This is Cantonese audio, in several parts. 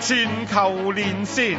全球連線，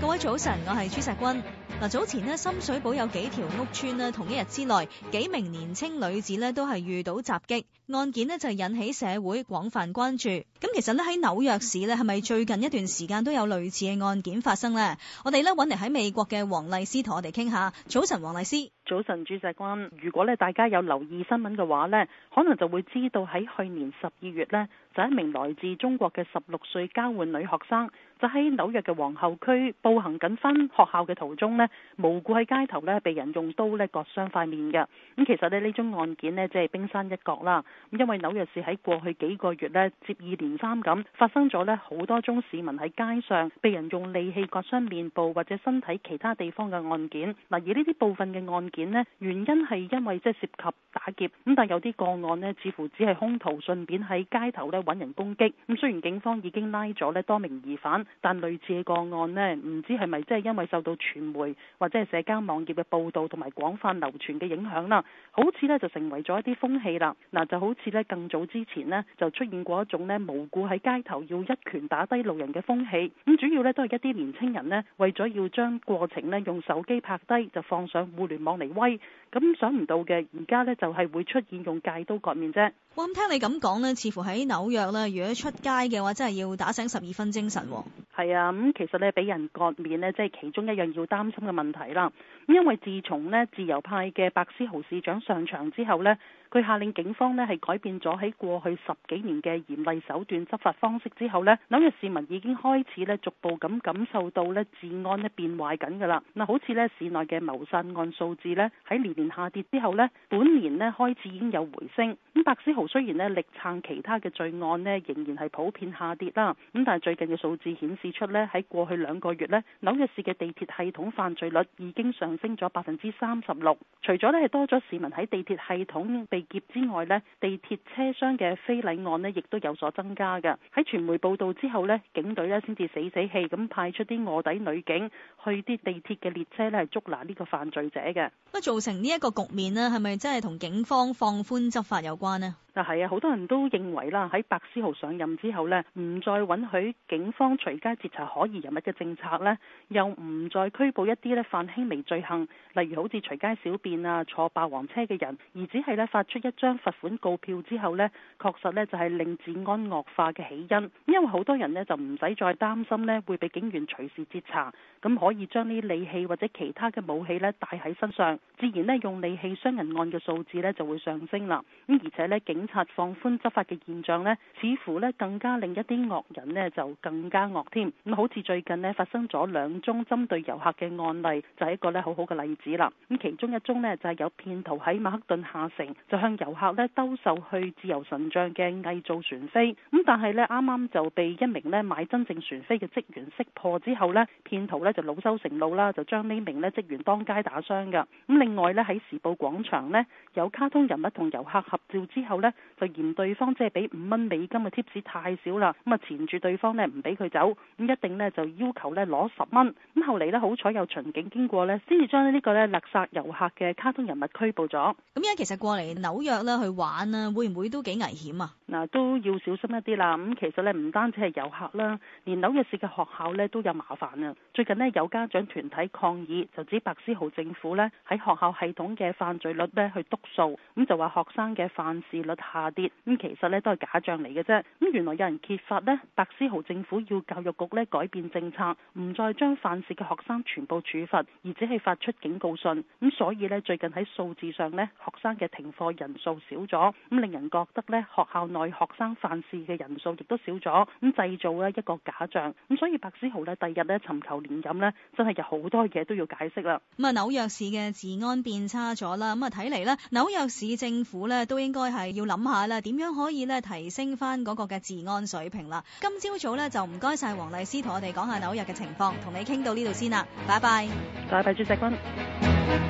各位早晨，我係朱錫君。嗱，早前咧，深水埗有幾條屋邨咧，同一日之內，幾名年青女子咧，都係遇到襲擊，案件咧就引起社會廣泛關注。咁其實咧，喺紐約市咧，係咪最近一段時間都有類似嘅案件發生呢？我哋咧揾嚟喺美國嘅黃麗施同我哋傾下。早晨，黃麗施。早晨，錫君。如果咧大家有留意新聞嘅話咧，可能就會知道喺去年十二月咧，就一名來自中國嘅十六歲交換女學生。就喺紐約嘅皇后區步行緊翻學校嘅途中呢，無故喺街頭呢，被人用刀呢，割傷塊面嘅。咁其實呢，呢宗案件呢即係冰山一角啦。咁因為紐約市喺過去幾個月呢，接二連三咁發生咗呢，好多宗市民喺街上被人用利器割傷面部或者身體其他地方嘅案件。嗱，而呢啲部分嘅案件呢，原因係因為即係涉及打劫，咁但係有啲個案呢，似乎只係兇徒順便喺街頭呢，揾人攻擊。咁雖然警方已經拉咗呢多名疑犯。但類似嘅個案呢，唔知係咪真係因為受到傳媒或者係社交網頁嘅報導同埋廣泛流傳嘅影響啦，好似呢就成為咗一啲風氣啦。嗱，就好似呢更早之前呢，就出現過一種呢無故喺街頭要一拳打低路人嘅風氣，咁主要呢都係一啲年青人呢，為咗要將過程呢用手機拍低就放上互聯網嚟威，咁想唔到嘅而家呢就係會出現用戒刀割面啫。我咁聽你咁講呢，似乎喺紐約呢，如果出街嘅話，真係要打醒十二分精神喎。係啊，咁其實咧俾人割面呢，即係其中一樣要擔心嘅問題啦。因為自從咧自由派嘅白思豪市長上場之後呢，佢下令警方呢係改變咗喺過去十幾年嘅嚴厲手段執法方式之後呢，紐約市民已經開始呢逐步咁感受到呢治安呢變壞緊㗎啦。嗱，好似呢市內嘅謀殺案數字呢，喺年年下跌之後呢，本年呢開始已經有回升。咁白思豪雖然呢力撐其他嘅罪案呢，仍然係普遍下跌啦，咁但係最近嘅數字顯示，指出呢，喺過去兩個月呢，紐約市嘅地鐵系統犯罪率已經上升咗百分之三十六，除咗呢，係多咗市民喺地鐵系統被劫之外呢，地鐵車廂嘅非禮案呢，亦都有所增加㗎。喺傳媒報道之後呢，警隊呢先至死死氣咁派出啲臥底女警去啲地鐵嘅列車呢，係捉拿呢個犯罪者嘅。噉造成呢一個局面呢，係咪真係同警方放寬執法有關呢？嗱係啊，好多人都認為啦，喺白思豪上任之後呢，唔再允許警方隨街截查可疑人物嘅政策呢，又唔再拘捕一啲呢犯輕微罪行，例如好似隨街小便啊、坐霸王車嘅人，而只係呢發出一張罰款告票之後呢，確實呢就係令治安惡化嘅起因。因為好多人呢就唔使再擔心呢會被警員隨時截查，咁可以將呢利器或者其他嘅武器呢帶喺身上，自然呢用利器傷人案嘅數字呢就會上升啦。咁而且呢，警方警察放寬執法嘅現象呢，似乎呢更加令一啲惡人呢就更加惡添。咁好似最近呢發生咗兩宗針對遊客嘅案例，就係一個呢好好嘅例子啦。咁其中一宗呢，就係有騙徒喺曼克頓下城就向遊客呢兜售去自由神像嘅偽造船飛。咁但係呢啱啱就被一名呢買真正船飛嘅職員識破之後呢，騙徒呢就惱羞成怒啦，就將呢名呢職員當街打傷嘅。咁另外呢，喺時報廣場呢有卡通人物同遊客合照之後呢，就嫌對方即係俾五蚊美金嘅貼士太少啦，咁啊纏住對方呢唔俾佢走，咁一定呢就要求呢攞十蚊。咁後嚟呢，好彩有巡警經過呢，先至將呢個呢勒殺遊客嘅卡通人物拘捕咗。咁而家其實過嚟紐約呢去玩啊，會唔會都幾危險啊？嗱，都要小心一啲啦。咁其實呢，唔單止係遊客啦，連紐約市嘅學校呢都有麻煩啊。最近呢，有家長團體抗議，就指白思豪政府呢喺學校系統嘅犯罪率呢去篤數，咁就話學生嘅犯事率下跌。咁，其實呢都係假象嚟嘅啫。咁原來有人揭發呢，白思豪政府要教育局呢改變政策，唔再將犯事嘅學生全部處罰，而只係發出警告信。咁所以呢，最近喺數字上呢，學生嘅停課人數少咗，咁令人覺得呢，學校內學生犯事嘅人數亦都少咗，咁製造呢一個假象。咁所以白思豪呢，第日呢尋求連任呢，真係有好多嘢都要解釋啦。咁啊，紐約市嘅治安變差咗啦。咁啊，睇嚟呢，紐約市政府呢，都應該係要。諗下啦，點樣可以咧提升翻嗰個嘅治安水平啦？今朝早咧就唔該晒黃麗施同我哋講下紐約嘅情況，同你傾到呢度先啦，拜拜，拜拜，朱錫君。